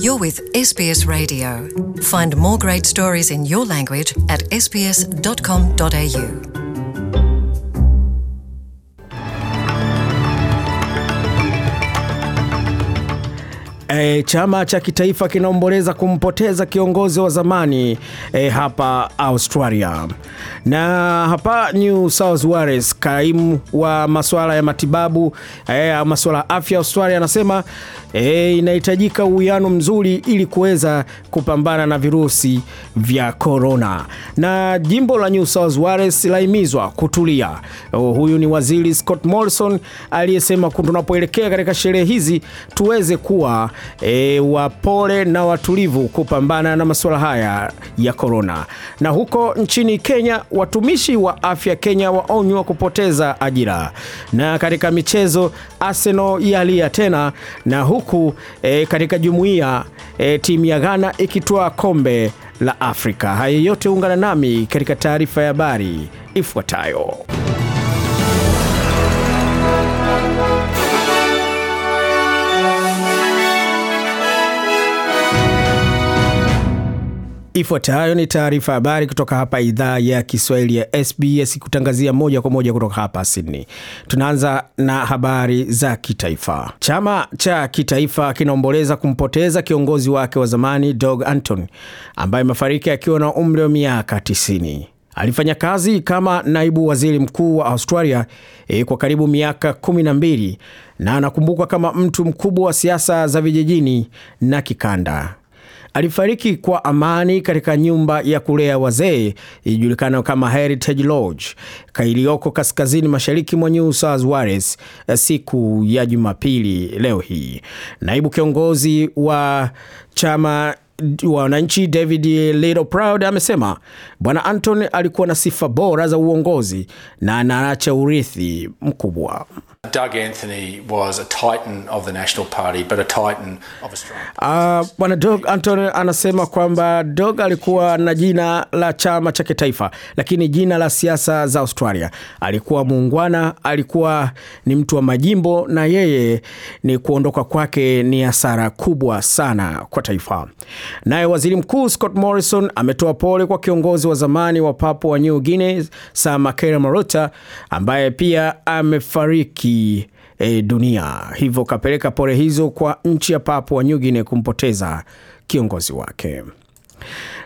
You're with SBS Radio. Find more great stories in your language at sbs.com.au. E, chama cha kitaifa kinaomboleza kumpoteza kiongozi wa zamani e, hapa Australia. Na hapa New South Wales, kaimu wa masuala ya matibabu e, masuala ya afya Australia anasema e, inahitajika uwiano mzuri ili kuweza kupambana na virusi vya korona. Na jimbo la New South Wales laimizwa kutulia. Uh, huyu ni waziri Scott Morrison aliyesema tunapoelekea katika sherehe hizi tuweze kuwa e, wapole na watulivu kupambana na masuala haya ya korona. Na huko nchini Kenya, watumishi wa afya Kenya waonywa kupoteza ajira. Na katika michezo, Arsenal yalia tena na huko huku e, katika jumuiya e, timu ya Ghana ikitoa kombe la Afrika. Hayo yote ungana nami katika taarifa ya habari ifuatayo. Ifuatayo ni taarifa habari kutoka hapa idhaa ya Kiswahili ya SBS kutangazia moja kwa moja kutoka hapa Sydney. Tunaanza na habari za kitaifa. Chama cha kitaifa kinaomboleza kumpoteza kiongozi wake wa zamani Dog Anton ambaye amefariki akiwa na umri wa miaka 90. Alifanya kazi kama naibu waziri mkuu wa Australia e, kwa karibu miaka 12 na anakumbukwa kama mtu mkubwa wa siasa za vijijini na kikanda alifariki kwa amani katika nyumba ya kulea wazee ijulikana kama Heritage Lodge kailioko kaskazini mashariki mwa New South Wales siku ya Jumapili leo hii. Naibu kiongozi wa chama wananchi David Little Proud amesema Bwana Anton alikuwa na sifa bora za uongozi na anaacha urithi mkubwa. Doug Anthony was a titan of the National Party, but a titan of Australia. Uh, Bwana Doug Anton anasema kwamba Doug alikuwa na jina la chama cha kitaifa, lakini jina la siasa za Australia. Alikuwa muungwana, alikuwa ni mtu wa majimbo, na yeye ni kuondoka kwake ni hasara kubwa sana kwa taifa. Naye waziri mkuu Scott Morrison ametoa pole kwa kiongozi wa zamani wa Papua New Guinea Samakera Marota ambaye pia amefariki e, dunia, hivyo kapeleka pole hizo kwa nchi ya Papua New Guinea kumpoteza kiongozi wake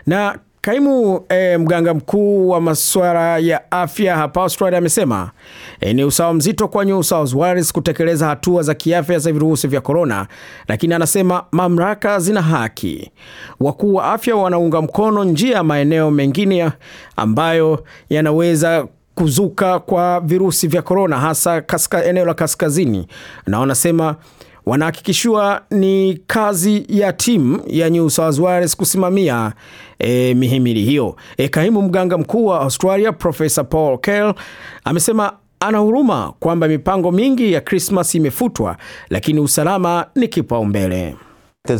na Kaimu eh, mganga mkuu wa masuala ya afya hapa Australia amesema eh, ni usawa mzito kwa New South Wales kutekeleza hatua za kiafya za virusi vya korona, lakini anasema mamlaka zina haki. Wakuu wa afya wanaunga mkono njia ya maeneo mengine ambayo yanaweza kuzuka kwa virusi vya korona, hasa kaska, eneo la kaskazini, na wanasema wanahakikishiwa ni kazi ya timu ya New South Wales kusimamia e, mihimili hiyo. E, kaimu mganga mkuu wa Australia Profesa Paul Kell amesema ana huruma kwamba mipango mingi ya Krismas imefutwa, lakini usalama ni kipaumbele. Uh,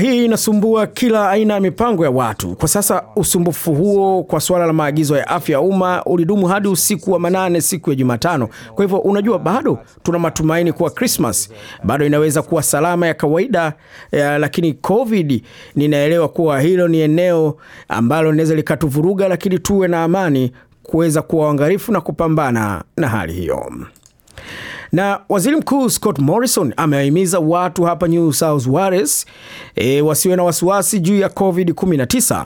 hii inasumbua kila aina ya mipango ya watu kwa sasa. Usumbufu huo kwa suala la maagizo ya afya ya umma ulidumu hadi usiku wa manane siku ya Jumatano. Kwa hivyo, unajua, bado tuna matumaini kuwa Krismas bado inaweza kuwa salama ya kawaida ya, eh, lakini COVID, ninaelewa kuwa hilo ni eneo ambalo linaweza likatuvuruga, lakini tuwe na amani kuweza kuwa uangarifu na kupambana na hali hiyo. Na waziri mkuu Scott Morrison amewahimiza watu hapa New South Wales e, wasiwe na wasiwasi juu ya COVID-19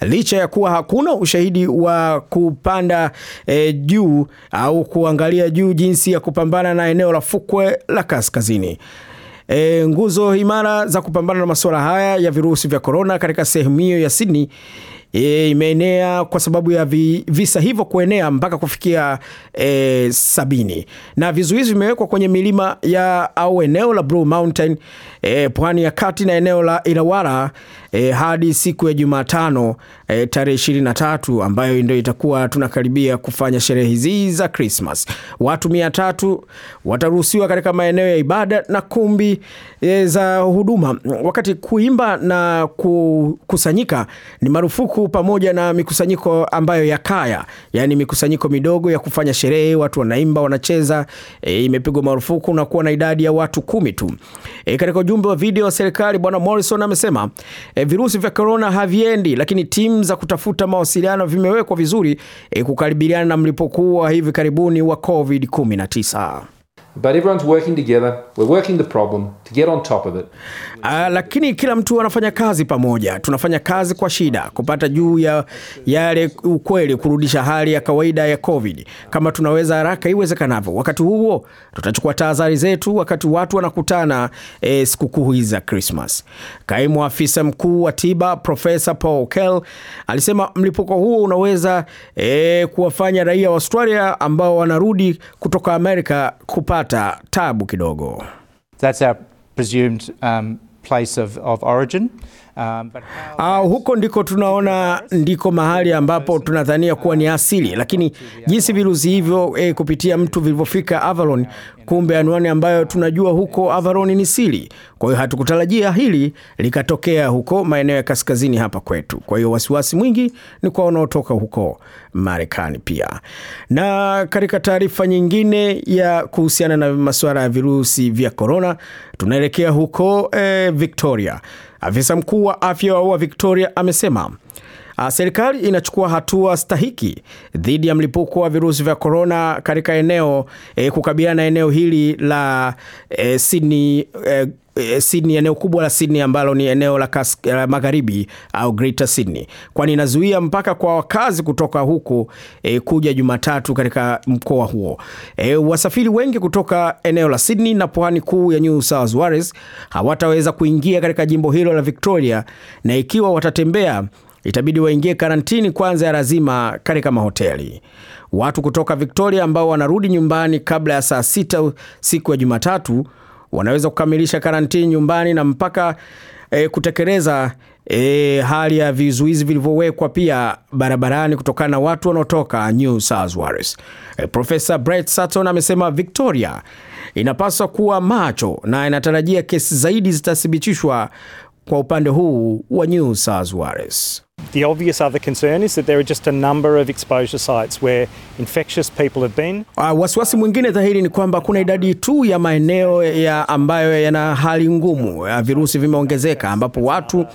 licha ya kuwa hakuna ushahidi wa kupanda e, juu au kuangalia juu jinsi ya kupambana na eneo la fukwe la kaskazini. E, nguzo imara za kupambana na masuala haya ya virusi vya korona katika sehemu hiyo ya Sydney e, imeenea kwa sababu ya vi, visa hivyo kuenea mpaka kufikia e, sabini na vizuizi vimewekwa kwenye milima ya au eneo la Blue Mountain e, pwani ya kati na eneo la Irawara e, hadi siku ya Jumatano e, tarehe 23 ambayo ndio itakuwa tunakaribia kufanya sherehe hizi za Christmas. Watu mia tatu wataruhusiwa katika maeneo ya ibada na kumbi e, za huduma, wakati kuimba na kukusanyika ni marufuku, pamoja na mikusanyiko ambayo ya kaya, yani mikusanyiko midogo ya kufanya sherehe, watu wanaimba wanacheza, e, imepigwa marufuku na kuwa na idadi ya watu kumi tu. E, katika ujumbe wa video wa serikali Bwana Morrison amesema e, virusi vya korona haviendi, lakini timu za kutafuta mawasiliano vimewekwa vizuri e, eh, kukaribiliana na mlipuko wa hivi karibuni wa COVID-19. But everyone's working together. We're working the problem to get on top of it. Uh, lakini kila mtu anafanya kazi pamoja, tunafanya kazi kwa shida kupata juu ya yale ukweli, kurudisha hali ya kawaida ya COVID kama tunaweza haraka iwezekanavyo. Wakati huo tutachukua tahadhari zetu, wakati watu wanakutana eh, sikukuu hizi za Christmas. Kaimu afisa mkuu wa tiba Profesa Paul Kell alisema mlipuko huo unaweza eh, kuwafanya raia wa Australia ambao wanarudi kutoka Amerika kupata kupata tabu kidogo. That's our presumed um, place of, of origin. Uh, huko ndiko tunaona ndiko mahali ambapo tunadhania kuwa ni asili, lakini jinsi virusi hivyo eh, kupitia mtu vilivyofika Avalon, kumbe anwani ambayo tunajua huko Avalon ni siri. Kwa hiyo hatukutarajia hili likatokea huko maeneo ya kaskazini hapa kwetu. Kwa hiyo wasiwasi mwingi ni kwa wanaotoka huko Marekani pia. Na katika taarifa nyingine ya kuhusiana na masuala ya virusi vya korona, tunaelekea huko eh, Victoria Afisa mkuu wa afya wa Victoria amesema ah, serikali inachukua hatua stahiki dhidi ya mlipuko wa virusi vya korona katika eneo e, kukabiliana na eneo hili la e, Sydney e, eh, Sydney, eneo kubwa la Sydney ambalo ni eneo la, kas, la magharibi au Greater Sydney, kwani inazuia mpaka kwa wakazi kutoka huku e, kuja Jumatatu katika mkoa huo. E, wasafiri wengi kutoka eneo la Sydney na pwani kuu ya New South Wales hawataweza kuingia katika jimbo hilo la Victoria, na ikiwa watatembea itabidi waingie karantini kwanza ya lazima katika mahoteli. Watu kutoka Victoria ambao wanarudi nyumbani kabla ya saa sita siku ya Jumatatu wanaweza kukamilisha karantini nyumbani na mpaka e, kutekeleza e, hali ya vizuizi vilivyowekwa pia barabarani kutokana na watu wanaotoka New South Wales. E, Profesa Brett Sutton amesema Victoria inapaswa kuwa macho na inatarajia kesi zaidi zitathibitishwa kwa upande huu wa New South Wales. The obvious other concern is that there are just a number of exposure sites where infectious people have been. Uh, wasiwasi mwingine dhahiri ni kwamba kuna idadi tu ya maeneo ya ambayo yana hali ngumu, ya ah, virusi vimeongezeka ambapo watu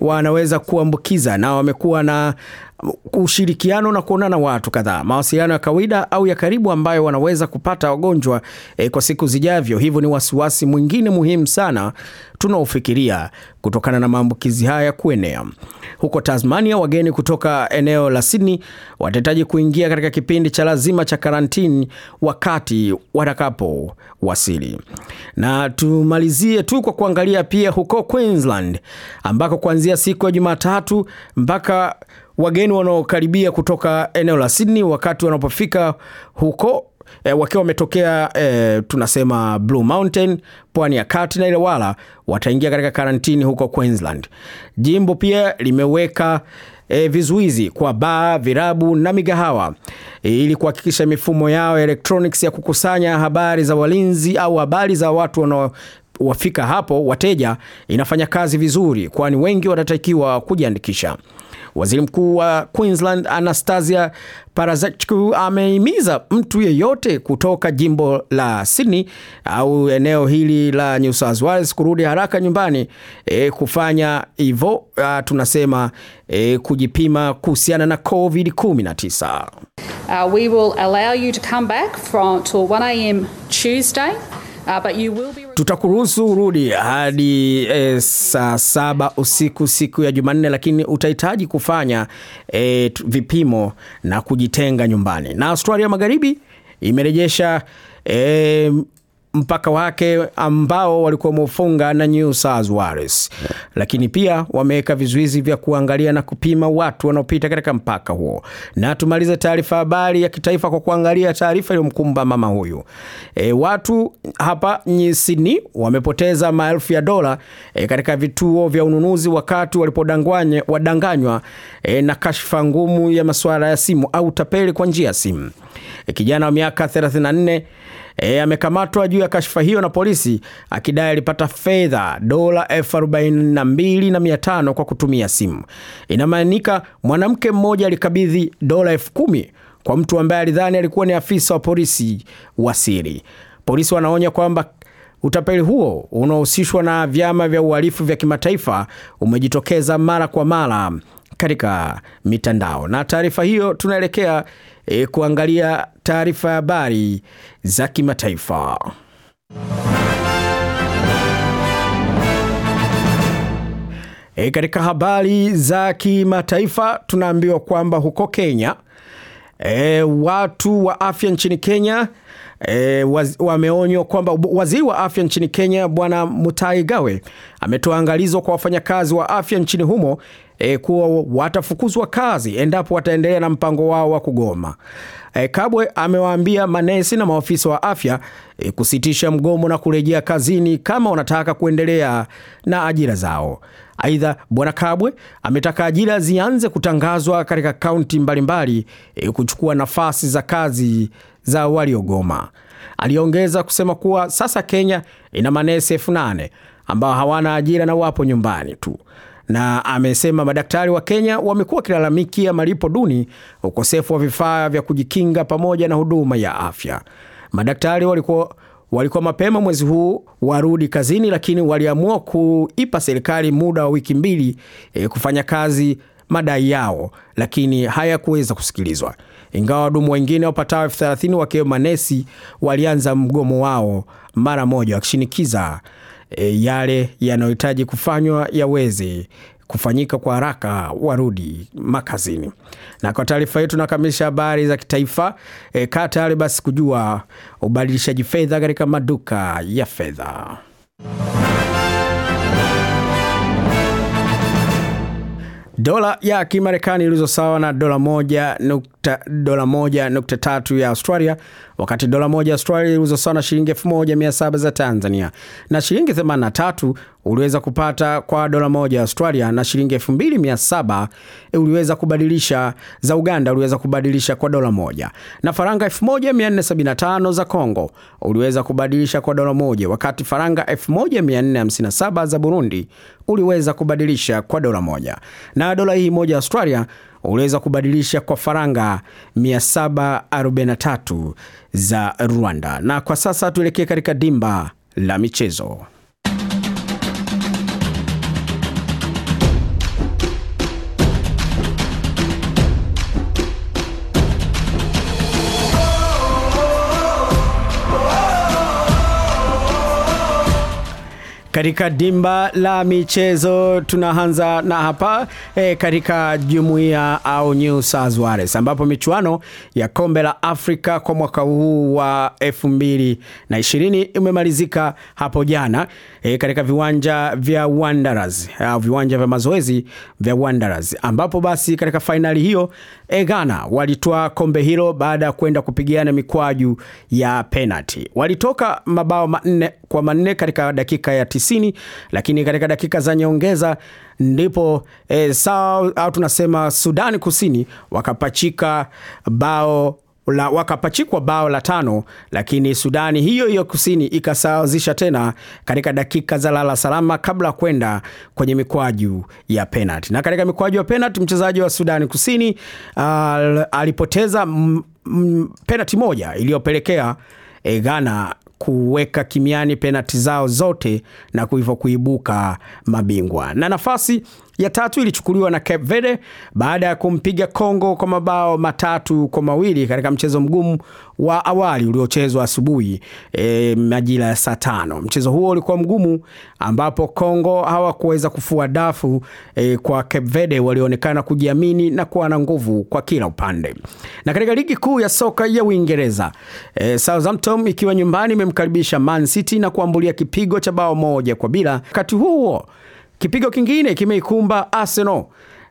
wanaweza kuambukiza na wamekuwa na ushirikiano na kuonana watu kadhaa, mawasiliano ya kawaida au ya karibu ambayo wanaweza kupata wagonjwa e, kwa siku zijavyo. Hivyo ni wasiwasi mwingine muhimu sana tunaofikiria kutokana na maambukizi haya kuenea huko Tasmania. Wageni kutoka eneo la Sydney watahitaji kuingia katika kipindi cha lazima cha karantini wakati watakapowasili. Na tumalizie tu kwa kuangalia pia huko Queensland ambako kuanzia siku ya Jumatatu mpaka wageni wanaokaribia kutoka eneo la Sydney wakati wanapofika huko E, wakiwa wametokea e, tunasema Blue Mountain, pwani ya kati na Ilewala, wataingia katika karantini huko Queensland. Jimbo pia limeweka e, vizuizi kwa baa, virabu na migahawa e, ili kuhakikisha mifumo yao ya electronics ya kukusanya habari za walinzi au habari za watu wanao wafika hapo wateja inafanya kazi vizuri, kwani wengi watatakiwa kujiandikisha. Waziri Mkuu wa Queensland Anastasia Parazachku amehimiza mtu yeyote kutoka jimbo la Sydney au eneo hili la New South Wales kurudi haraka nyumbani. E, kufanya hivyo tunasema e, kujipima kuhusiana na COVID-19. Uh, we will allow you to come back from, to 1 am Tuesday Uh, but you will be... Tutakuruhusu urudi hadi e, saa saba usiku siku ya Jumanne, lakini utahitaji kufanya e, vipimo na kujitenga nyumbani. Na Australia Magharibi imerejesha e, mpaka wake ambao walikuwa wamefunga na New South Wales, lakini pia wameweka vizuizi vya kuangalia na kupima watu wanaopita katika mpaka huo. Na tumalize taarifa habari ya kitaifa kwa kuangalia taarifa iliyomkumba mama huyu. E, watu hapa nyisini wamepoteza maelfu ya dola e, katika vituo vya ununuzi wakati walipodanganywa wadanganywa e, na kashfa ngumu ya masuala ya simu au tapeli kwa njia ya simu. E, kijana wa miaka 34 e, amekamatwa juu ya kashfa hiyo na polisi akidai alipata fedha dola elfu arobaini na mbili na mia tano kwa kutumia simu. Inamaanika mwanamke mmoja alikabidhi dola elfu kumi kwa mtu ambaye alidhani alikuwa ni afisa wa polisi wa siri. Polisi wanaonya kwamba utapeli huo unaohusishwa na vyama vya uhalifu vya kimataifa umejitokeza mara kwa mara katika mitandao. Na taarifa hiyo tunaelekea e, kuangalia taarifa ya habari za kimataifa. E, katika habari za kimataifa tunaambiwa kwamba huko Kenya e, watu wa afya nchini Kenya e, wameonywa kwamba waziri wa afya nchini Kenya Bwana Mutai Gawe ametoa angalizo kwa wafanyakazi wa afya nchini humo e, kuwa watafukuzwa kazi endapo wataendelea na mpango wao wa kugoma. E, Kabwe amewaambia manesi na maofisa wa afya e, kusitisha mgomo na kurejea kazini kama wanataka kuendelea na ajira zao. Aidha, Bwana Kabwe ametaka ajira zianze kutangazwa katika kaunti mbalimbali e, kuchukua nafasi za kazi za waliogoma. Aliongeza kusema kuwa sasa Kenya ina manesi elfu nane ambao hawana ajira na wapo nyumbani tu, na amesema madaktari wa Kenya wamekuwa wakilalamikia malipo duni, ukosefu wa vifaa vya kujikinga pamoja na huduma ya afya. Madaktari walikuwa walikuwa mapema mwezi huu warudi kazini, lakini waliamua kuipa serikali muda wa wiki mbili e, kufanya kazi madai yao, lakini hayakuweza kusikilizwa ingawa wahudumu wengine wapatao elfu thelathini wakiwemo manesi walianza mgomo wao mara moja, wakishinikiza e, yale yanayohitaji kufanywa yaweze kufanyika kwa haraka warudi makazini. Na kwa taarifa yetu nakamilisha habari za kitaifa. E, kaa tayari basi kujua ubadilishaji fedha katika maduka ya fedha. Dola ya Kimarekani ilizo sawa na dola moja nukta, dola moja nukta tatu ya Australia, wakati dola moja Australia ilizo sawa na shilingi 1700 za Tanzania na shilingi 83 uliweza kupata kwa dola moja ya Australia na shilingi 2700 eh, uliweza kubadilisha za Uganda, uliweza kubadilisha kwa dola moja, na faranga 1475 za Congo uliweza kubadilisha kwa dola moja, wakati faranga 1457 za Burundi uliweza kubadilisha kwa dola moja, na dola hii moja ya Australia uliweza kubadilisha kwa faranga 743 za Rwanda. Na kwa sasa tuelekee katika dimba la michezo. katika dimba la michezo. Tunaanza na hapa e, katika jumuiya au New South Wales ambapo michuano ya kombe la Afrika kwa mwaka huu wa 2020 imemalizika hapo jana e, katika viwanja vya Wanderers au viwanja vya mazoezi vya Wanderers, ambapo basi katika fainali hiyo e, Ghana walitoa kombe hilo baada ya kwenda kupigana mikwaju ya penalty. Walitoka mabao manne kwa manne katika dakika ya tisini, lakini katika dakika za nyongeza ndipo e, eh, South, au tunasema Sudani Kusini wakapachika bao la, wakapachikwa bao la tano, lakini Sudani hiyo hiyo Kusini ikasawazisha tena katika dakika za lala salama kabla ya kwenda kwenye mikwaju ya penalti. Na katika mikwaju ya penalti mchezaji wa Sudani Kusini al, alipoteza penalti moja iliyopelekea e, Ghana kuweka kimiani penati zao zote na kuivyo kuibuka mabingwa na nafasi ya tatu ilichukuliwa na Cape Verde baada ya kumpiga Kongo kwa mabao matatu kwa mawili katika mchezo mgumu wa awali uliochezwa asubuhi e, majira ya saa tano. Mchezo huo ulikuwa mgumu ambapo Kongo hawakuweza kufua dafu e, kwa Cape Verde walionekana kujiamini na kuwa na nguvu kwa kila upande. Na katika ligi kuu ya soka ya Uingereza e, Southampton ikiwa nyumbani imemkaribisha Man City na kuambulia kipigo cha bao moja kwa bila. Wakati huo Kipigo kingine kimeikumba Arsenal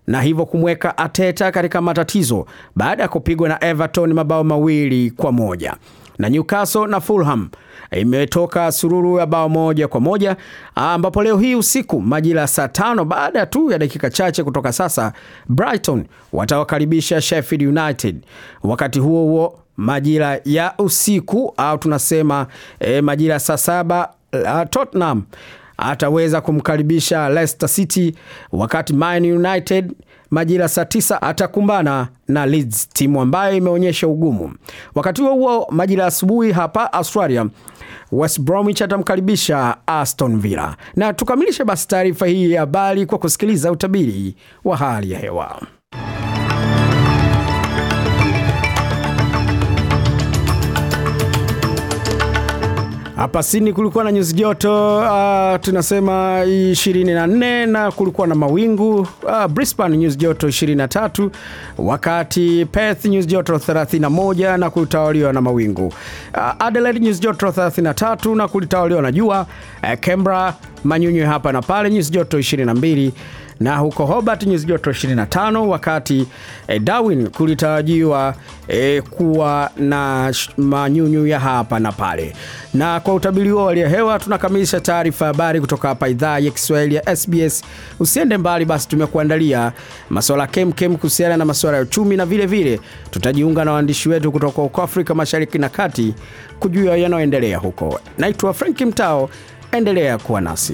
na hivyo kumweka Ateta katika matatizo baada ya kupigwa na Everton mabao mawili kwa moja na Newcastle na Fulham imetoka sururu ya bao moja kwa moja ambapo leo hii usiku majira saa tano baada tu ya dakika chache kutoka sasa, Brighton watawakaribisha Sheffield United. Wakati huo huo majira ya usiku au tunasema e, majira saa saba eh, Tottenham ataweza kumkaribisha Leicester City, wakati Man United majira saa tisa atakumbana na Leeds, timu ambayo imeonyesha ugumu. Wakati huo huo, majira asubuhi hapa Australia, West Bromwich atamkaribisha Aston Villa, na tukamilishe basi taarifa hii ya habari kwa kusikiliza utabiri wa hali ya hewa. Hapa Sydney kulikuwa na nyuzi joto uh, tunasema 24 na kulikuwa na mawingu uh, Brisbane nyuzi joto 23, wakati Perth nyuzi joto 31 na kulitawaliwa na mawingu uh, Adelaide nyuzi joto 33 na kulitawaliwa na jua uh, Canberra manyunyu hapa na pale nyuzi joto 22 na huko Hobart nyuzi joto 25, wakati e, Darwin kulitarajiwa e, kuwa na manyunyu ya hapa na pale. Na kwa utabiri huo wa hali ya hewa tunakamilisha taarifa ya habari kutoka hapa idhaa ya Kiswahili ya SBS. Usiende mbali, basi tumekuandalia masuala kemkem kuhusiana na masuala ya uchumi, na vile vile tutajiunga na waandishi wetu kutoka huko Afrika Mashariki na Kati kujua yanayoendelea huko. Naitwa Frank Mtao, endelea kuwa nasi.